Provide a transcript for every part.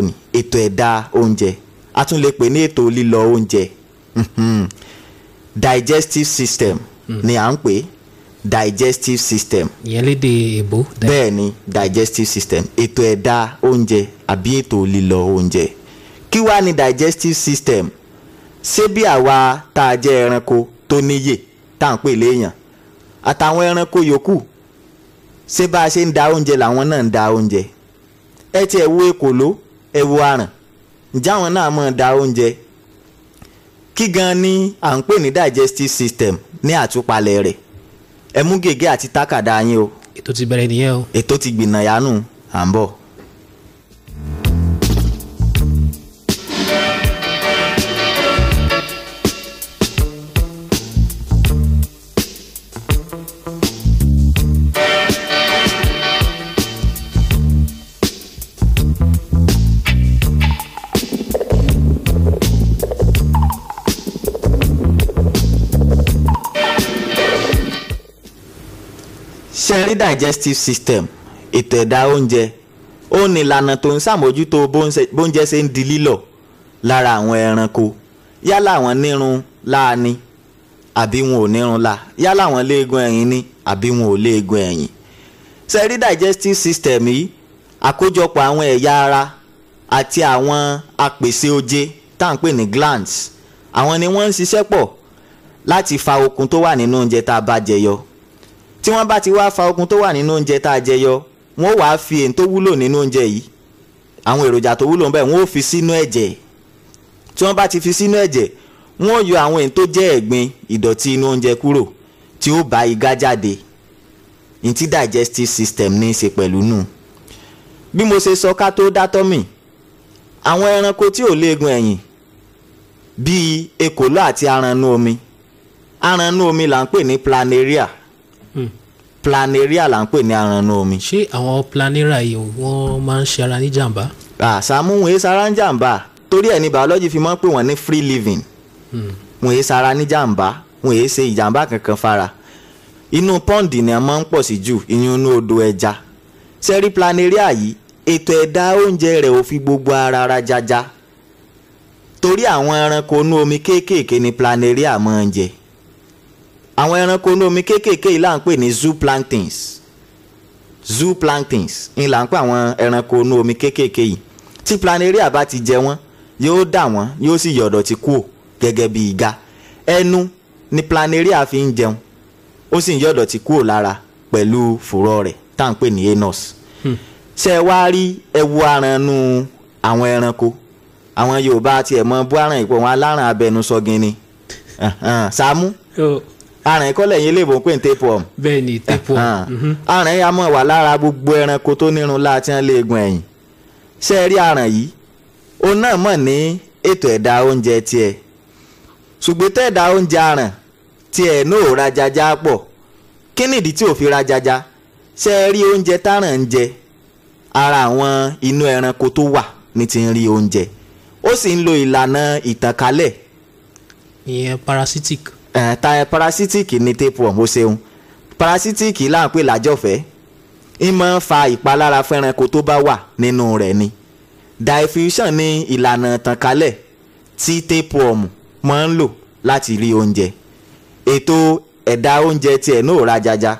lónìí ètò ẹ̀dá oúnjẹ a tún lè pè ní ètò lílọ oúnjẹ mhm. digestive system mm. ni à ń pè digestive system. ìyẹn lédè èbó. bẹ́ẹ̀ ni digestive system ètò ẹ̀dá oúnjẹ àbí ètò lílọ oúnjẹ kí wàá ní digestive system ṣé bí àwa tá a jẹ́ ẹranko tó níyè tá à ń pè léèyàn àtàwọn ẹranko yòókù ṣé bá a ṣe ń da oúnjẹ làwọn náà ń da oúnjẹ ẹ tiẹ̀ wo èkòló ẹ wo àràn ǹjẹ́ àwọn náà máa da oúnjẹ kí gan ni à ń pè ní digestive system ní àtúpalẹ̀ rẹ̀ ẹ mú gègé àti tákàdá yín o. ètò ti bẹ̀rẹ̀ nìyẹn o. ètò ti gbìnàyà nù à ń bọ̀. ní digestive system ètò ẹ̀dá oúnjẹ ó ní ìlànà tó ń ṣàmójútó bóúnjẹ ṣe ń di lílọ̀ lára àwọn ẹranko yálà wọn nírun láa ni àbí wọn ò nírun la yálà wọn léegun ẹ̀yìn ni àbí wọn ò léegun ẹ̀yìn ṣe digestive system yìí àkójọpọ̀ àwọn ẹ̀yà ara àti àwọn apèsè oje tá à ń pè ní glands àwọn ni wọ́n ń ṣiṣẹ́ pọ̀ láti fa okun tó wà nínú oúnjẹ tá a bá jẹ tí wọ́n bá ti wá fa okun tó wà nínú oúnjẹ tá a jẹ yọ wọ́n wàá fi èyí tó wúlò nínú oúnjẹ yìí àwọn èròjà tó wúlò níbẹ̀ wọ́n ó fi sínú ẹ̀jẹ̀ tí wọ́n bá ti fi sínú ẹ̀jẹ̀ wọ́n yọ àwọn èyí tó jẹ́ ẹ̀gbin ìdọ̀tí inú oúnjẹ kúrò tí ó bá igá jáde ní digestive system ní í ṣe pẹ̀lú nù bí mo ṣe sọ ká tó dátọ́ mi àwọn ẹranko tí ò léegun ẹ̀yìn bíi ekòló àti arannú omi arannú omi là ń pè ní planaria planaria là ń pè ní arànà omi. ṣé àwọn planera yìí wọ́n máa ń ṣe ara ní jàǹbá. àṣàmú wọn èso ara ń jàǹbá torí ẹ̀ ní biology fi máa ń pè wọ́n ní free living hmm. wọn èso ara ní jàǹbá wọn èso ìjàǹbá kankan fara inú pọ́ǹdì ni a máa ń pọ̀ sí jù ìyún inú odò ẹja sẹ́rí planaria yìí ètò ẹ̀dá oúnjẹ rẹ̀ ò fi gbogbo ara ra jaja torí àwọn ẹranko inú omi kéékèèké ni planaria máa ń jẹ àwọn ẹranko inú omi kéékèèké yìí là ń pè ní zooplankton zooplankton ń là ń pè àwọn ẹranko inú omi kéékèèké yìí tí planaria bá ti jẹ wọ́n yóò dà wọ́n yóò sì yọ̀dọ̀ ti kú ò gẹ́gẹ́ bí ìga ẹnu ni planaria fi ń jẹun ó sì ń yọ̀dọ̀ ti kú ò lára pẹ̀lú fùrọ̀ rẹ̀ tá à ń pè ní anus hmm. ṣe wá rí ẹwu aranú àwọn ẹranko àwọn Yorùbá tiẹ̀ mọ bú aràn ìpò wọn aláràn abẹnusọgin ni Sàámú aràn kọ́lẹ̀ yín lè bò ń pè ní tapeworm. bẹ́ẹ̀ ni tapeworm. aràn ah. mhm. yà mọ̀ wà lára gbogbo ẹranko tó nírun láti hàn léegun ẹ̀yìn ṣé ẹ rí aràn yìí òun náà mọ̀ ní ètò ẹ̀dá oúnjẹ tiẹ̀ ṣùgbọ́n tẹ́ ẹ̀dá oúnjẹ aràn tiẹ̀ náà ò rajaja pọ̀ kí nìdí tí ò fi rajaja ṣé ẹ rí oúnjẹ táràn ń jẹ ara àwọn inú ẹranko tó wà ní ti ń rí oúnjẹ ó sì ń lo ìlànà ìtànkálẹ̀. ìyẹn parasitic ẹ̀ ta parasitic ni tapeworm ó ṣeun parasitic là ń pè lájọ̀fẹ́ ń máa ń fa ìpalára fẹ́ranko tó bá wà nínú rẹ̀ ni diffusion ni ìlànà ìtànkálẹ̀ tí tapeworm máa ń lò láti rí oúnjẹ ètò ẹ̀dá oúnjẹ tiẹ̀ náà rajaja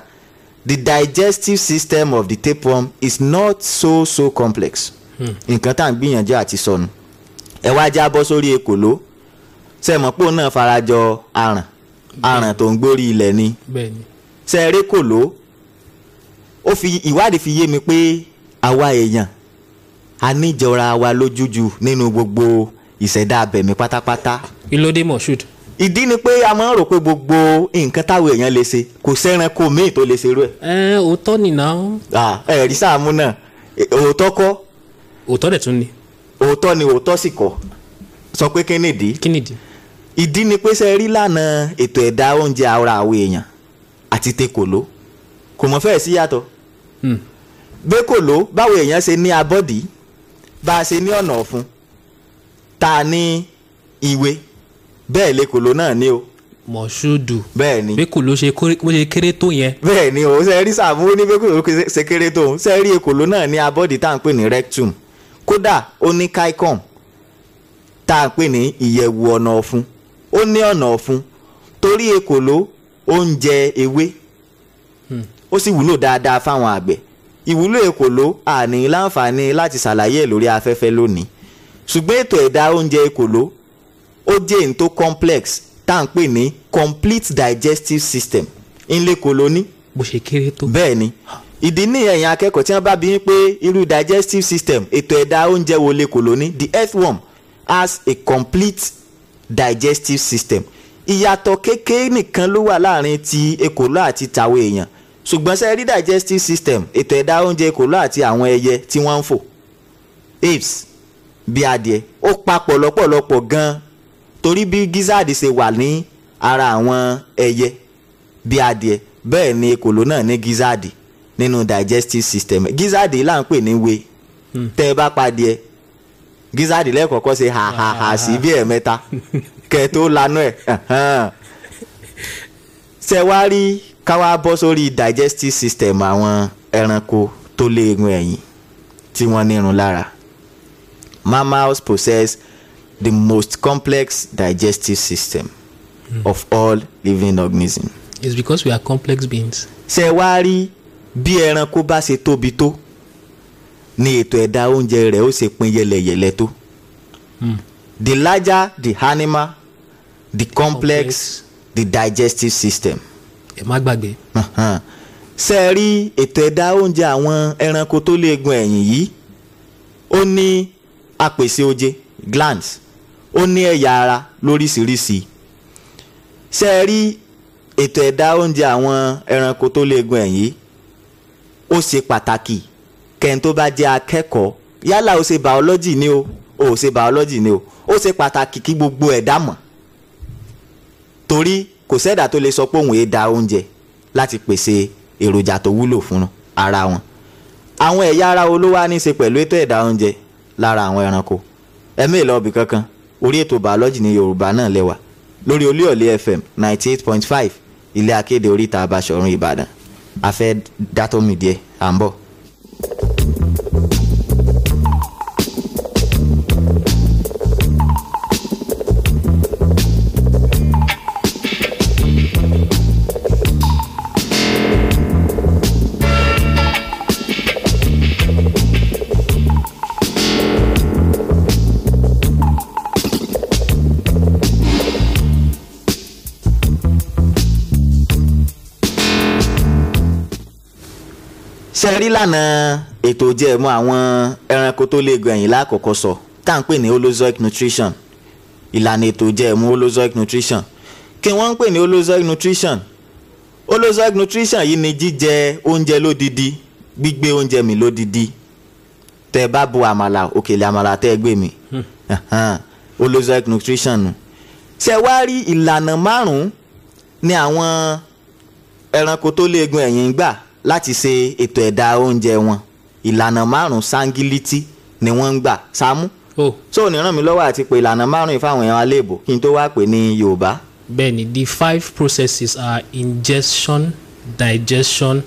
the digestive system of the tapeworm is not so so complex hmm. nǹkan tá à ń gbìyànjú àti sọnù ẹ wá já bọ́ sórí ekòló sẹ́mọ̀pọ̀ náà farajọ aràn aràn tó ń gbórí ilẹ̀ ni sẹ́ẹ̀rẹ́ kò ló ó fi ìwádìí fi yé mi pé àwa èèyàn a níjọra wa lójúju nínú gbogbo ìṣẹ̀dá abẹ̀mí pátápátá. ìlódé moshood. ìdí ni pé a máa ń rò pé gbogbo nǹkan táwọn èèyàn lè ṣe kò sẹ́ranko míì tó lè ṣerú ẹ̀. ẹ òótọ́ nìna. ẹ̀rí sáàmù náà òótọ́ kọ́. òótọ́ dẹ̀ tún ni. òótọ́ ni òótọ́ sì kọ́ sọ pé kí nìdí. kí nìdí ìdí ni pé ṣe rí lànà ètò ẹ̀dá oúnjẹ ara àwọn èèyàn àti tekòló kò mọ̀ fẹ́ẹ̀ sí yàtọ̀ hmm. bẹ́kòló báwo èèyàn ṣe ní abọ́dì bá a ṣe ní ọ̀nà ọ̀fun tá a ní ìwé bẹ́ẹ̀ lẹ́kòló náà ní o. mọ̀ṣúdù bẹ́ẹ̀ ni bẹ́kòló ṣe kéré tó yẹn. bẹ́ẹ̀ ni o ṣe rí sàmú ní bẹ́kòló ṣe kéré tó o ṣe rí èkòló náà ní abọ́dì tá à ń pè ní rectum kódà ó ní caicum tá à ń pè ní ìyẹ̀wù ọ̀nà ọ̀fun ó ní ọ̀nà ọ̀fun torí ekòló ó ń jẹ ewé hmm. ó sì wúlò dáadáa fáwọn àgbẹ̀ ìwúlò ekòló àní láǹfààní láti ṣàlàyé ẹ̀ lórí afẹ́fẹ́ lónìí ṣùgbọ́n ètò ẹ̀dá oúnjẹ ekòló ó jẹ́ èyí tó complex tá à ń pè ní complete digestive system ńlẹ̀ kolóní. bó ṣe kéré tó. bẹ́ẹ̀ ni ìdí ní ẹ̀yin akẹ́kọ̀ọ́ tí wọ́n bá bí yín pé irú digestive system ètò ẹ̀dá oúnjẹ wo lè kolóní the earthworm has a complete digestive system ìyàtọ̀ kékeré nìkan ló wà láàrin ti ekòló àti tàwọn èèyàn ṣùgbọ́n ṣe rí digestive system ètò ẹ̀dá oúnjẹ ekòló àti àwọn ẹyẹ tí wọ́n ń fò apes bí adìẹ ó papọ̀ lọ́pọ̀lọpọ̀ gan-an torí bí gizzard ṣe wà ní ara àwọn ẹyẹ bí adìẹ bẹ́ẹ̀ ni ekòló náà ní gizzard nínú digestive system gizzard là ń pè ní we hmm. tẹ́ ẹ bá pa adìẹ gizadi lẹ́ẹ̀kọ̀ọ̀kan ṣe ha ha ha sí bí ẹ̀ẹ̀mẹ́ta kẹ tó lanú ẹ̀ ṣe wá rí káwá bọ́ sórí digestive system àwọn ẹranko tó lé egun ẹ̀yìn tí wọ́n nírun lára mammals possess the most complex digestive system mm. of all living organisms. it's because we are complex beings. ṣe wá rí bí ẹranko bá ṣe tóbi tó. Bito, ni ètò ẹ̀dá oúnjẹ rẹ̀ ó ṣe pín yẹlẹyẹlẹ tó. Hmm. the larger the animal the complex the digestive system. ẹ má gbàgbé. ṣe é rí ètò ẹ̀dá oúnjẹ àwọn ẹranko tó lè gun ẹ̀yìn yìí ó ní apèsè oje glands ó ní ẹ̀yà ara lóríṣiríṣi ṣe é rí ètò ẹ̀dá oúnjẹ àwọn ẹranko tó lè gun ẹ̀yìn ó ṣe pàtàkì kẹ́ni tó bá jẹ́ akẹ́kọ̀ọ́ yálà ó ṣe biology ni o ó ṣe biology ni o ó ṣe pàtàkì kí gbogbo ẹ̀dá mọ̀ torí kò sẹ́dà tó lè sọ pé òun èèdà oúnjẹ láti pèsè èròjà tó wúlò fún ara wọn àwọn ẹ̀yà ara wo ló wá ní ṣe pẹ̀lú ètò ẹ̀dá oúnjẹ lára àwọn ẹranko ẹ̀mí ìlọ́ọ̀bì kankan orí ètò biology ní Yorùbá náà lẹ́wà lórí Olúyọ̀lé FM ninety eight point five ilé akéde oríta Abáṣọ̀run Ìbàdàn afẹ́ dátọ́mì díẹ̀ à ń bọ̀. ṣe rí lánàá ètò ìjẹ̀mú àwọn ẹranko tó lè gbẹ̀yìn lákòókò sọ tá à pè ní holozoic nutrition ìlànà ètò ìjẹ̀mú holozoic nutrition kí wọ́n ń pè ní holozoic nutrition holozoic nutrition yìí ni jíjẹ oúnjẹ lódidi gbígbé oúnjẹ mi lódidi tẹ bá bu àmàlà òkèlè àmàlà tẹ gbé mi holozoic nutrition nù ṣe wá rí ìlànà márùn-ún ni àwọn ẹranko tó lè gun ẹ̀yìn gbà láti ṣe ètò ẹ̀dá oúnjẹ wọn ìlànà márùn sangiliti ni wọ́n ń gbà Sàámú. Oh. so oníràn mi lọ́wọ́ àti pé ìlànà márùn ìfáwọn èèyàn aléèbò kí n tó wá pè ní Yorùbá. bẹ́ẹ̀ni the five processes are ingestion digestion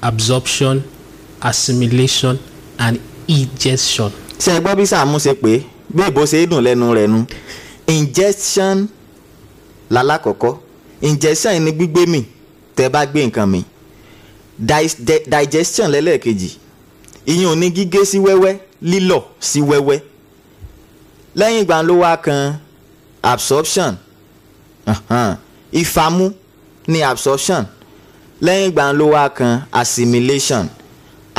absorption assimilation and egestion. ṣe gbọ́ bí Sàámú ṣe pé bí èbó ṣe dùn lẹ́nu rẹ̀ nu ingestion lálákọ̀ọ́kọ́ ingestion ni gbígbé mì tẹ́ bá gbé nǹkan mì digestion lẹ́lẹ́kejì ìyẹn ò ní gígé sí wẹ́wẹ́ lílọ̀ sí wẹ́wẹ́ lẹ́yìn ìgbà ló wá kan absorption ìfàmú ni absorption lẹ́yìn ìgbà ló wá kan assimilation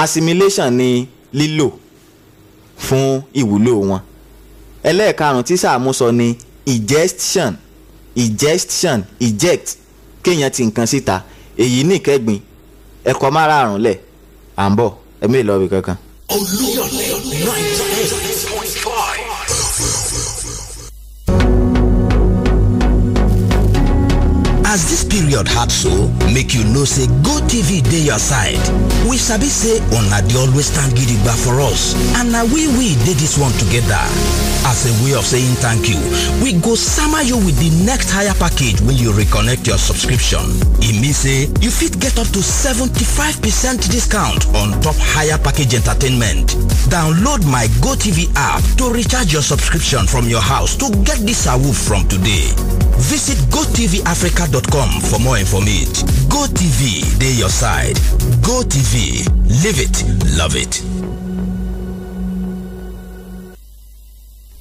assimilation ni lílò fún ìwúlò wọn ẹlẹ́ẹ̀karùn-ún tí sàmú sọ ni ingestion ingestion eject kéèyàn ti nǹkan síta èyí nìkẹ́gbin ẹ̀kọ́ márààrún lẹ̀ à ń bọ̀ ẹ̀mí ìlọ́ọ̀bì kankan. olùyọ̀lẹ̀ náírà as this period hard so make you know say go tv dey your side we sabi say una dey always stand gidigba for us and na we we dey this one together as a way of saying thank you we go sama you with the next higher package when you reconnect your subscription e mean say you fit get up to 75 percent discount on top higher package entertainment download my gotv app to recharge your subscription from your house to get this awoof from today Visit gotvafrica.com for more information. Go TV, they your side. Go TV, live it, love it.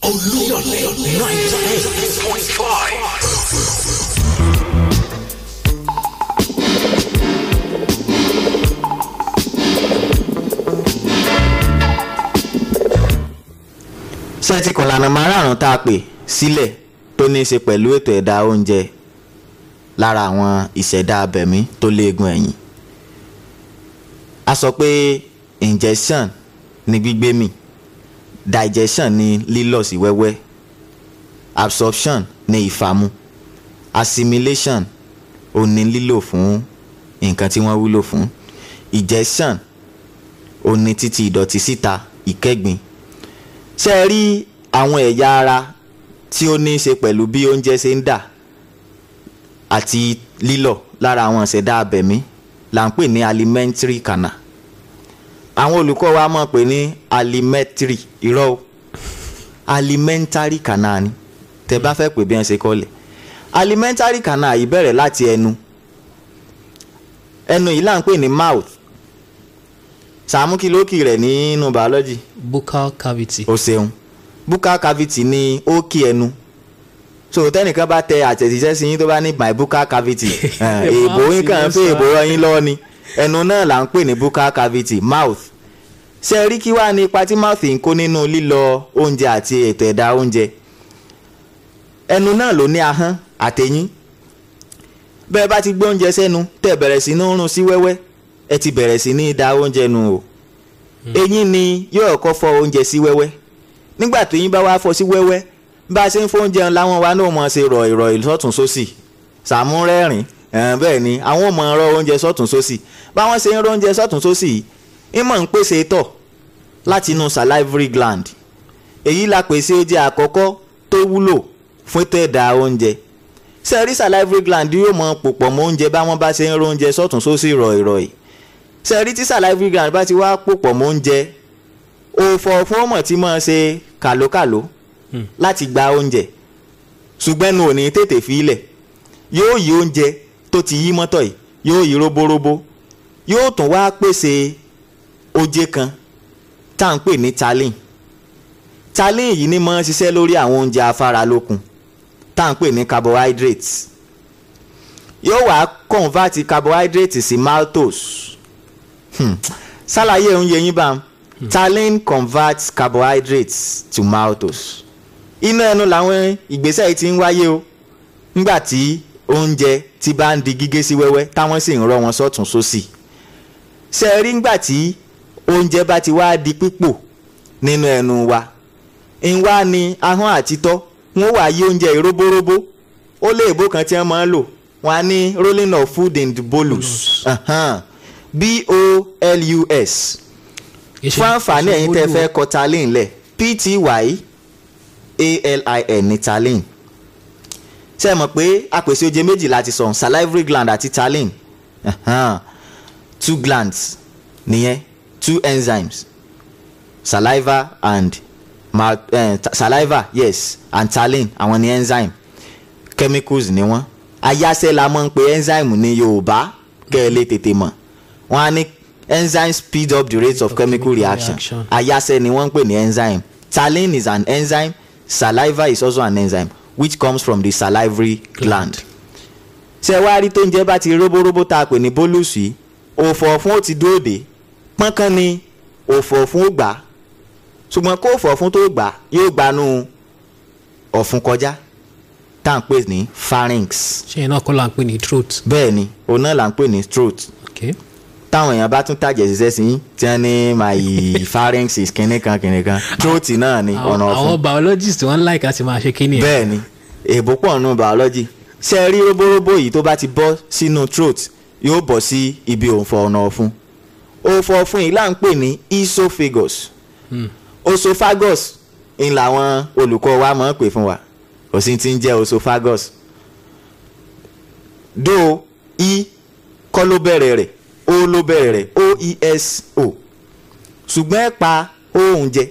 Oh Lord, 98.5. ṣé ti kọ̀lànà márààrún tá a pè sílẹ̀ ní í ṣe pẹ̀lú ètò ẹ̀dá oúnjẹ lára àwọn ìṣẹ̀dá abẹ̀mí tó léegun ẹ̀yìn a sọ pé ingestion ni gbígbé mì digestion ni lílọ̀ sí wẹ́wẹ́ absorption ni ìfàmú assimilation ò ní lílò fún nǹkan tí wọ́n wúlò fún ingestion ò ní títí ìdọ̀tí síta ìkẹ́gbin ṣe rí àwọn ẹ̀yà ara tí ó ní í ṣe pẹ̀lú bí oúnjẹ ṣe ń dà àti lílọ̀ lára àwọn ìṣẹ̀dá abẹ̀mí là ń pè ní alimentary kana àwọn olùkọ́ wa mọ̀ pé ní alimentary irọ́ o alimentary kana ni tẹ bá fẹ́ pè bí wọ́n ṣe kọ́lẹ̀ alimentary kana yìí bẹ̀rẹ̀ láti ẹnu ẹnu yìí là ń pè ní mouth sàmúkìlókì rẹ̀ nínú biology. buccal cavity. o ṣeun buccal cavity ni ó kí ẹnu so tẹnìkan bá tẹ àtẹ̀jíṣẹ́ sí yín tó bá ní my buccal cavity èèbò yín kàn ń pè èèbò yín lọ́ọ́ ni ẹnu náà là ń pè ní buccal cavity mouth ṣe rí kí wàá ní ipa tí mouth ń kó nínú lílọ oúnjẹ àti ètò ẹ̀dá oúnjẹ ẹnu náà ló ní ahọ́n àtẹ̀yìn bẹ́ẹ̀ bá ti gbé oúnjẹ sẹ́nu tẹ̀ bẹ̀rẹ̀ sí ní rún sí wẹ́wẹ́ ẹ ti bẹ̀rẹ̀ sí ní da oúnjẹ nù o hmm. eyín ni yóò kọ́ fọ oúnjẹ sí wẹ́wẹ́ nígbà tó yín bá wá fọ́ sí wẹ́wẹ́ bá a ṣe ń fóúnjẹ láwọn wa náà mọ̀ ṣe rọ̀ ìrọ̀ ìlọ́tún sósì Sàámú rẹ́rìn bẹ́ẹ̀ ni àwọn ò mọ̀ ọ̀rọ̀ oúnjẹ sọ́tún sósì báwọn ṣe ń rọ oúnjẹ sọ́tún sósì ìmọ̀ ń pèsè tọ̀ láti inú salivary gland èyí la pèsè oúnjẹ àkọ́kọ́ tó wúlò fún tẹ̀dá oúnjẹ sẹ́rí salivary gland yóò mọ pòpọ̀ mọ́ oúnjẹ báwọn bá ṣe ń rọ oúnjẹ sọ́tún sósì rọ̀ ìrọ̀ yìí sẹ́rí tí salivary gland bá ti wá pòpọ̀ mọ́ oúnjẹ òfòfòmọ̀ tí máa ṣe kàlókàló hmm. láti gba oúnjẹ ṣùgbọ́n nu ò ní tètè fi ilẹ̀ yóò yí oúnjẹ tó ti yí mọ́tọ̀ yìí yóò yí roborobo yóò tún wá pèsè oje kan tá à ń pè ní talin talin yìí ni máa ṣiṣẹ́ lórí àwọn oúnjẹ afáralókun tá à ń pè ní carbohydrates yóò wá convert carbohydrates sí maltose hmm. ṣàlàyé oúnjẹ yín bá a taline converts carbohydrates to maltose inú ẹnu làwọn ìgbésẹ̀ yìí ti ń wáyé o nígbà tí oúnjẹ ti bá ń di gígé sí wẹ́wẹ́ táwọn sì ń rọ wọn sọ́tún sósì ṣe rí nígbà tí oúnjẹ bá ti wá di pípò nínú ẹnu wa ń wá ní ahọ́n àtitọ́ wọn wà yí oúnjẹ yìí róbóróbó ó léèbó kan tí wọ́n máa ń lò wọ́n á ní rolling of food in the bolus uh -huh. b-o-l-u-s fún àǹfààní ẹ̀yin tẹ́ fẹ́ kọ talin lẹ̀ pty alin ní talin ṣe mọ̀ pé apèsè oje méjì láti sọ̀n salivary gland àti talin two glands nìyẹn two enzymes saliva and ma eh, saliva yes and talin àwọn ni enzyme chemicals ni wọ́n ayáṣẹ́ la mọ̀ ń pe enzyme ní Yorùbá kẹ́ ẹ lè tètè mọ̀ wọ́n á ní enzyme speed up the rate of, chemical, chemical reaction. reaction. ayase ni wọ́n ń pè enzyme taline is an enzyme saliva is also an enzyme which comes from the salivary gland. ṣé wàá rí tó ń jẹ́ bá ti róbóróbó tá pè ní bólúùsì yìí òfò fún ó ti dóòdè pọ́nkán ni òfò fún ó gbà ṣùgbọ́n kó òfò fún tó gbà yóò gbanú ọ̀fun kọjá tá à ń pè ní pharynx. ṣé iná kọ́ la ń pè ní throat. bẹ́ẹ̀ ni òun náà la ń pè ní throat. Okay táwọn èèyàn bá tún tàjẹ̀ ṣiṣẹ́ sí tí wọ́n ní my pharynx kìnní kan kìnní kan throat náà ni ọ̀nà ọ̀fun. àwọn biologist wọn láìka sí máa ṣe kíni ẹ̀. bẹ́ẹ̀ ni èèbó pọ̀ nù biology ṣe rí róbóróbó yìí tó bá ti bọ́ sínú throat yóò bọ̀ sí ibi òǹfọ̀ ọ̀nà ọ̀fun òǹfọ̀ ọ̀fun yìí là ń pè ní esophagus hmm. osophagus ń làwọn olùkọ́ wa máa ń pè fún wa kò sí ti ń jẹ́ osophagus dó i kọ́ ló bẹ̀rẹ̀ rẹ̀ o ló bẹ̀rẹ̀ rẹ̀ oeso e ṣùgbọ́n ẹ pa ohùn jẹ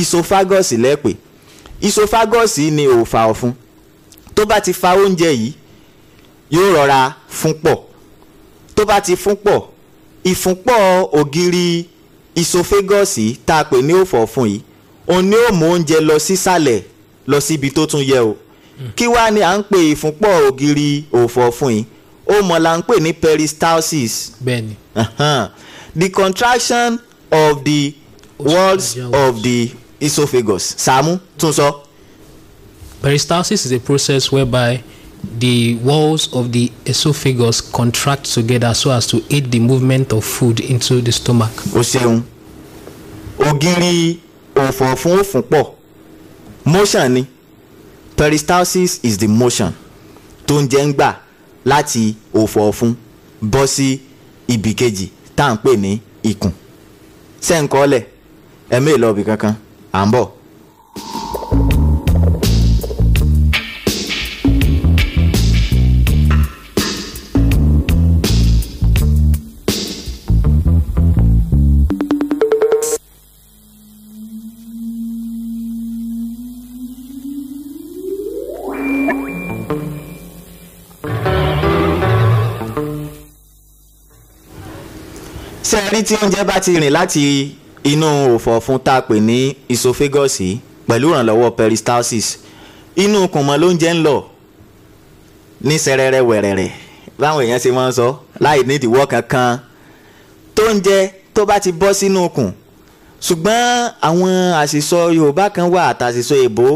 isophagus lẹ́pẹ̀ isophagus ni òòfà ọ̀fun tó bá ti fa oúnjẹ yìí yóò rọra fún pọ̀ tó bá ti fún pọ̀ ìfúnpọ̀ ògiri isophagus tá a pè ní òòfà yìí òun ni ó mú oúnjẹ lọ sísàlẹ̀ lọ síbi tó tún yẹ o hmm. kí wá ni à ń pè ìfúnpọ̀ ògiri òòfà yìí ó mọ̀ la ń pè ní peristalsis. bẹ́ẹ̀ni. Uh-huh. the contraction of the walls of the esophagus. Samu. tún sọ. Peristalsis is a process whereby the walls of the esophagus contract together so as to aid the movement of food into the stomach. o ṣeun ògiri motion ni peristalsis is the motion tó ń jẹ́ ń gbà láti òfò ọ̀fun bọ́ sí ibì kejì tá à ń pè ní ikùn sẹ́ńkọ́lẹ̀ ẹ̀mí ìlọ́ọ̀bì kankan à ń bọ̀. rí tí oúnjẹ bá ti rìn láti inú òfòfun tá a pè ní esophagus pẹ̀lú ìrànlọ́wọ́ peristalsis inú kùnmọ́ lóúnjẹ ń lọ ní sẹrẹrẹ wẹrẹrẹ báwọn èèyàn ṣe máa ń sọ láì ní ìdíwọ́ kankan tó ń jẹ tó bá ti bọ́ sínú okùn ṣùgbọ́n àwọn àṣìṣọ Yorùbá kan wà àtàṣìṣọ èbó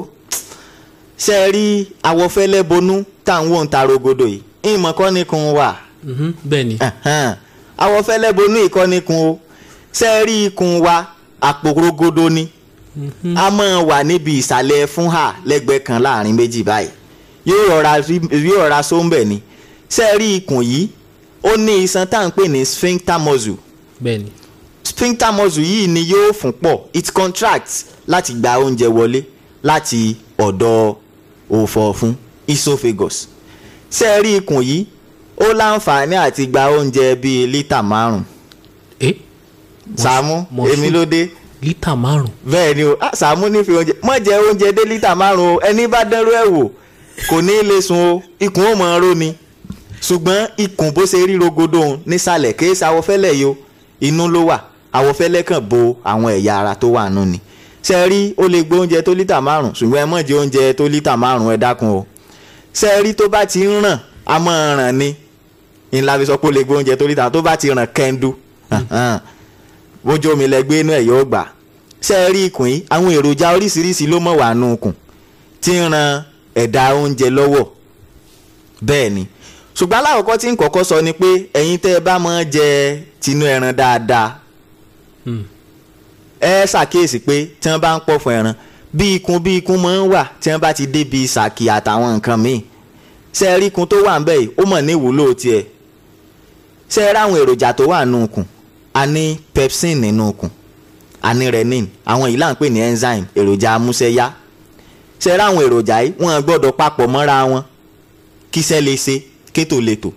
ṣe rí àwọ̀fẹ́lẹ́ bonú tá à ń wò ń ta rogodo yìí ìmọ̀kọ́ ni wà. Mhm, bẹ́ẹ̀ àwọn fẹlẹ́bonú ìkọ́ni kun o sẹ́ẹ̀rí ikùn wa àpòrogodo ni mhm. a máa wà níbi ìsàlẹ̀ fún hà lẹ́gbẹ̀ẹ́ kan láàrin méjì báyìí yóò rọra sóńbẹ̀ ni sẹ́ẹ̀rí ikùn yìí ó ní iṣan tá à ń pè ní sphincter muscle sphincter muscle yìí ni yóò fún pọ̀ it contracts láti gba oúnjẹ wọlé láti ọ̀dọ̀ òfòòfun esophagus sẹ́ẹ̀rí ikùn yìí ó láǹfààní àti gba oúnjẹ bíi lítà márùn. ẹ eh, Sàámú èmi ló dé. lítà márùn. bẹ́ẹ̀ ni o ah, Sàámú nífẹ̀ẹ́ oúnjẹ mọ̀ jẹ́ oúnjẹ dé lítà márùn o ẹni bá dẹ́rú ẹ̀ wò kò ní lè sùn o ikùn ó mọ̀ ọ́rọ́ ni ṣùgbọ́n ikùn bó ṣe rí rogodo òun nísàlẹ̀ kéésì àwọ̀fẹ́lẹ̀ yìí o inú ló wà àwọ̀fẹ́lẹ̀ kàn bo àwọn ẹ̀yà ara tó wà nù ni ṣe rí ó lè gbé oúnjẹ tó lítà márùn ṣùgbọ́n ẹ mọ̀ jẹ oúnjẹ tó lítà márùn ẹ dákun o ṣe rí tó bá ti ń ràn á mọ̀ ràn ni ńlá fi sọ pé ó lè gbé oúnjẹ tó níta tó bá ti ràn kẹ́ńdú bójú omi lẹgbẹ́ inú ẹ̀ yóò gbà ṣe é rí ikùn yìí àwọn èròjà oríṣiríṣi ló mọ̀ wà nù ikùn tí ń ran ẹ̀dá oúnjẹ lọ́wọ́ bẹ́ẹ̀ ni ṣùgbọ́n alákọ̀ọ́kọ́ tí ń kọ́kọ́ sọ ni pé ẹ̀yin tẹ́ ẹ bá mọ́ jẹ tinú ẹran dáadáa hmm. ẹ ṣàkíyèsí pé tí wọ́n bá ń pọ̀ fún ẹran bí ikùn bí ikùn máa ń wà tí wọ́n bá ti débi ṣàkì àtàwọn nǹkan míì ṣe rí ikùn tó wà ń bẹ̀ ó mọ̀ ní ìwúlò tiẹ̀ ṣe é ráwọn èròjà tó wà nínú ikùn a ní pepsin nínú ikùn a ní renin àwọn yìí là ń pè ní enzyme èròjà amúṣẹ́yá ṣe é ráwọn èròjà yìí wọ́n gbọ́dọ̀ papọ̀ mọ́ra wọn kíṣẹ́ lè ṣe kétò lè tò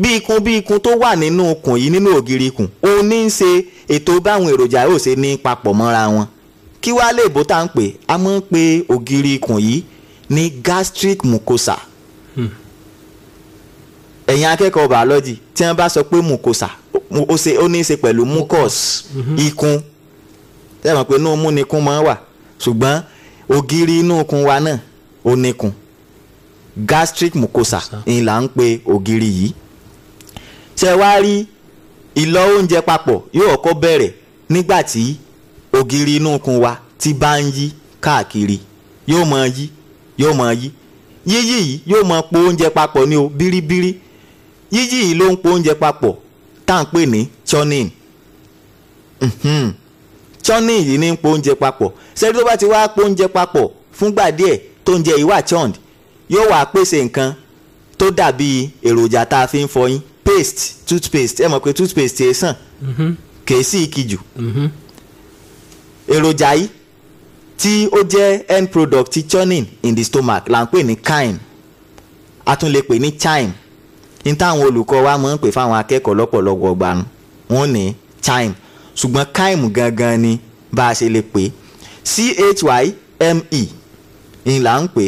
bí ikun bí ikun tó wà nínú ikùn yìí nínú ògiri ikùn òun ní í ṣe ètò báwọn èròjà yóò ṣe ní papọ̀ mọ́ra wọn kí wàá lè bó tá à ń pè a máa ń pe ògiri ikùn yìí ní gastric mucosa ẹ̀yin akẹ́kọ̀ọ́ bàọ́lọ́jì tí wọ́n bá sọ pé mucosa ó ní í ṣe pẹ̀lú mucus mhm. ikun tẹ́wọ̀n pé inú mú ni ikun máa ń wà ṣùgbọ́n ògiri inú ikun wa náà ó níkun gastric mucosa ni là ń pe ògiri yìí ṣe wá rí ìlọ oúnjẹ papọ̀ yóò kọ́ bẹ̀rẹ̀ nígbà tí ògiri inú ikun wa ti bá ń yí káàkiri yóò máa yí yóò máa yí yíyí yìí yóò máa po oúnjẹ papọ̀ ní o bíríbírí yíyí yìí ló ń po oúnjẹ papọ̀ tá à ń pè ní churning churning yìí ní ń po oúnjẹ papọ̀ ṣẹ́ni tó bá ti wá po oúnjẹ papọ̀ fúngbà díẹ̀ tó ń jẹ ìwà churned yóò wá pèsè nǹkan tó dàbí èròjà tá a fi ń fọyín paste toothpaste ẹ mọ̀ pé toothpaste ẹ sàn kèé sí ìkìjù èròjà yìí tí ó jẹ́ end product ti churning in the stomach là ń pè ní chyme a tún lè pè ní chyme ní táwọn olùkọ́ wa máa ń pè fáwọn akẹ́kọ̀ọ́ lọ́pọ̀lọpọ̀ ọgbà wọn ní chime ṣùgbọ́n chime gangan ni bá a ṣe lè pè chyme ń là ń pè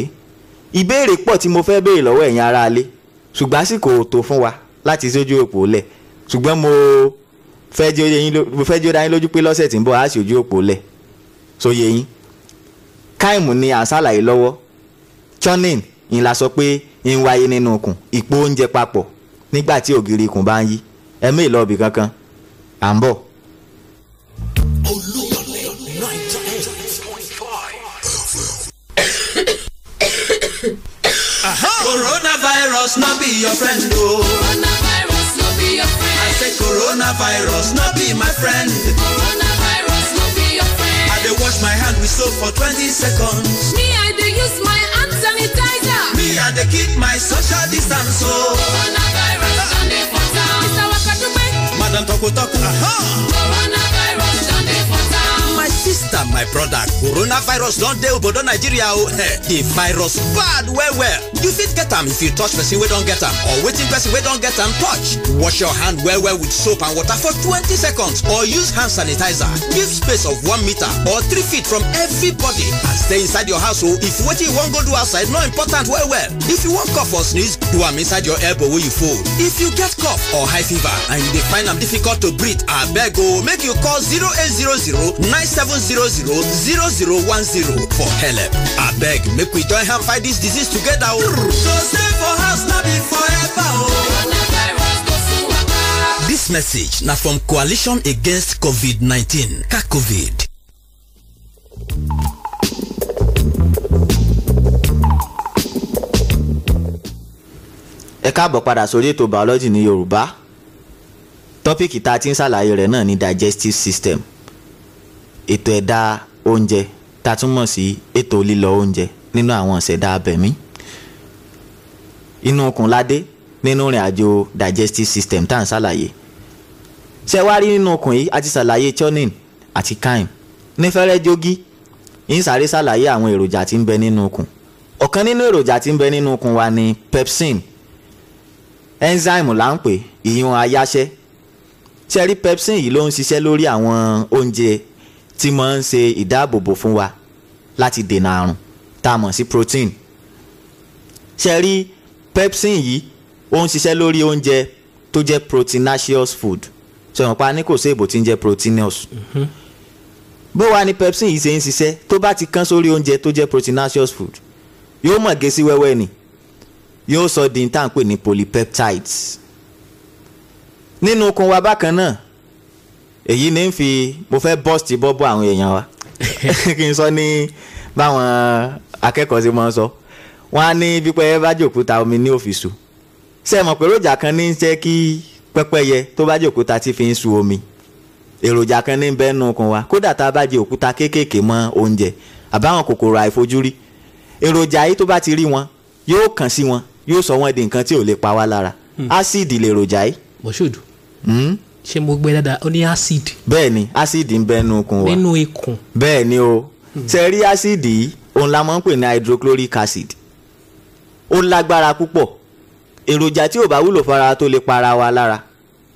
ìbéèrè pọ̀ tí mo fẹ́ béèrè lọ́wọ́ ẹ̀yin ará ilé ṣùgbọ́n àsìkò tó fún wa láti sójú òpó lẹ̀ ṣùgbọ́n mo fẹ́ jẹ́ ó dá lójú pé lọ́sẹ̀ tí ń bọ̀ á sì òpó lẹ̀ sóye yín chime ni à ń ṣàlàyé lọ́wọ́ churning ń la sọ pé ń wáyé nínú ikùn ìpò oúnjẹ papọ̀ nígbà tí ògiri ikùn bá ń yí ẹ̀mí ìlọ́ọ̀bì kankan à ń bọ̀. coronavirus no be your friend o. Oh. coronavirus no be your i say coronavirus no be my friend. coronavirus no be your friend. i dey wash my hand with soap for twenty seconds. me i dey use my me, I they keep my social distance. So. Oh. Coronavirus on the foot down. Madam Toku Toku. Aha. Coronavirus on the foot sister my brother coronavirus don dey obodo nigeria o eh di virus bad well well you fit get am if you touch person wey don get am or wetin person wey don get am touch wash your hand well well with soap and water for 20 seconds or use hand sanitizer give space of one meter or three feet from everybody and stay inside your house o if wetin you wan go do outside no important well well if you wan cough or sneeze do am inside your elbow wey you fold if you get cough or high fever and you dey find am difficult to breathe abeg o make you call zero zero zero eight nine seven. 700 for help abeg make we join hand fight this disease together. o oh. so stay for house no be forever o oh. message na from coalition against covid-19 cacovid ẹ káàbọ̀ padà sórí ètò biology ní yorùbá tọ́píìkì tá a ti ń ṣàlàyé rẹ̀ náà ni digestive system ètò ẹ̀dá oúnjẹ tá a tún mọ̀ sí ètò lílọ oúnjẹ nínú àwọn ìṣẹ̀dá abẹ̀mí inú okùn ládé nínú ìrìn àjò digestive system tá à ń ṣàlàyé ṣe wá rí nínú okùn yìí a ti ṣàlàyé churning àti chyme ní fẹ́rẹ́ jogi ń sáré ṣàlàyé àwọn èròjà tí ń bẹ nínú okùn ọ̀kan nínú èròjà tí ń bẹ nínú okùn wa ni pepsin enzyme là ń pè ìyún ayáṣẹ́ ṣe rí pepsin yìí ló ń ṣiṣẹ́ lórí àwọn oúnjẹ tí mo ń ṣe ìdáàbòbò fún wa láti dènà àrùn tá a mọ̀ sí protein ṣe rí pepsin yìí ó ń ṣiṣẹ́ lórí oúnjẹ tó jẹ́ proteinaceous food ṣe wọ́n pa ní kò sí èbò tí ń jẹ́ proteinous bó wá ní pepsin yìí ṣe ń ṣiṣẹ́ tó bá ti kán sórí oúnjẹ tó jẹ́ proteinaceous food yóò mọ̀ gé sí wẹ́wẹ́ ni yóò sọ di tá à ń pè ní polypeptides nínú okun wa bákan náà èyí ní fi mo fẹ́ bọ́ọ̀sì bọ́bú àwọn èèyàn wa kí n sọ ní báwọn akẹ́kọ̀ọ́ ṣe máa ń sọ wọn á ní pípẹ́ bá jòkúta omi ní òfìsù ṣe mọ̀ pé èròjà kan ní í jẹ́ kí pẹ́pẹ́yẹ tó bá jòkúta ti fi ń su omi èròjà kan ní bẹ́ẹ̀ nù kan wa kódà tá a bá jẹ òkúta kéékèèké mọ́ oúnjẹ àbáwọn kòkòrò àìfojúrí èròjà yìí tó bá ti rí wọn yóò kàn sí wọn yóò sọ wọn di nǹkan tí ò lè pa wá lára hmm. ásíìdì lèròjà yìí. mọ̀ṣúdù. Hmm ṣé mo gbẹ dáadáa ó ní acid. bẹ́ẹ̀ni acid ń bẹ nínú ikùn wa nínú ikùn. bẹ́ẹ̀ni o hmm. ṣe rí acid yìí òun la máa ń pè ní hydrochloric acid ó lágbára púpọ̀ èròjà tí ò bá wúlò fara tó lè para wa lára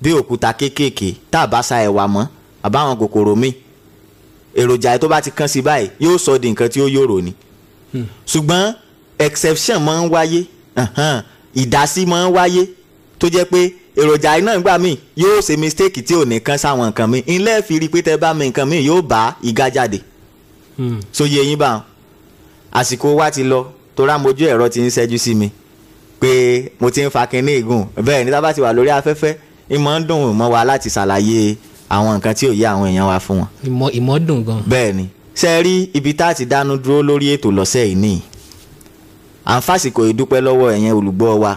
bí òkúta kéékèèké tá a bá sa ẹ̀wà mọ́ àbáwọn kòkòrò míì èròjà tó bá ti kán sí báyìí yóò sọ di nǹkan tí ó yòrò ni hmm. ṣùgbọ́n exception máa ń wáyé ìdásí máa ń wáyé tó jẹ́ pé èròjà iná ìgbà míì yóò ṣe mistake tí ò ní kán sáwọn nǹkan míì ilé fi rí pé tẹ bá mi nǹkan míì yóò bá ìgá jáde hmm. so yé yín bá wọn àsìkò wa ti lọ torá mojú ẹ̀rọ ti ń ṣẹ́jú sí mi pé mo ti ń fa kinní ìgùn bẹ́ẹ̀ ní tábà ti wà lórí afẹ́fẹ́ ìmọ̀ ń dùn mọ́ wa láti ṣàlàyé àwọn nǹkan tí ò yé àwọn èèyàn wa fún wọn. ìmọ̀ ìmọ̀ dùn gan. bẹ́ẹ̀ ni ṣe rí ibi tá a ti dánu dúró lórí ètò lọ́sẹ̀ yìí nìyí à ń fàsìkò ìdúpẹ́ lọ́wọ́ ẹ̀yin olùgbọ́ wa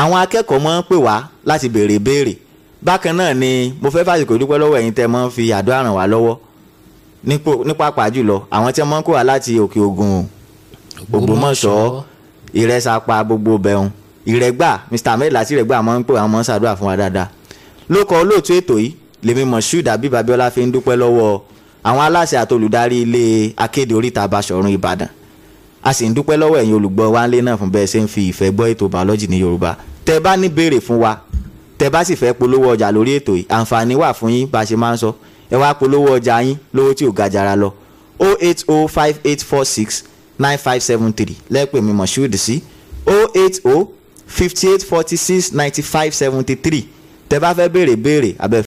àwọn akẹ́kọ̀ọ́ máa ń pè wá láti béèrè béèrè bákan náà ni mo fẹ́ fàsìkò dúpẹ́ lọ́wọ́ ẹ̀yin tẹ́ máa ń fi àdúrà ràn wá lọ́wọ́ ní pàápàá jùlọ àwọn tí wọ́n máa ń kó wá láti òkè ògùn Ògbómọ̀ṣọ́ ìrẹsàpá gbogbo bẹ̀rùn ìrẹ́gbà Mr Ahmed láti ìrẹ́gbà máa ń pè wá máa ń ṣàdúrà fún wa dáadáa lóko olóòtú ètò yìí lèmi Moshood Habib Abiola fi ń dúpẹ́ lọ́wọ́ àwọn aláṣẹ àtolùdarí ilé akéde oríta Basọ̀run Ìbàdàn a sì ń dúpẹ́ lọ́wọ́ ẹ̀yin olùgbọ́ wa ńlé náà fún bẹ́ẹ̀ ṣe ń fi ìfẹ́ gbọ́ ètò biology ní Yorùbá tẹ́ bá ní béèrè fún wa tẹ́ bá sì fẹ́ polówó ọjà lórí ètò yìí àǹfààní wà fún yín bá a ṣe máa ń sọ ẹ wá polówó ọjà yín lówó tí ò ga jara lọ 0805846 9573 lẹ́pẹ̀ mi Moshood sí 0805846 9573 tẹ́ bá fẹ́ béèrè béèrè abẹ́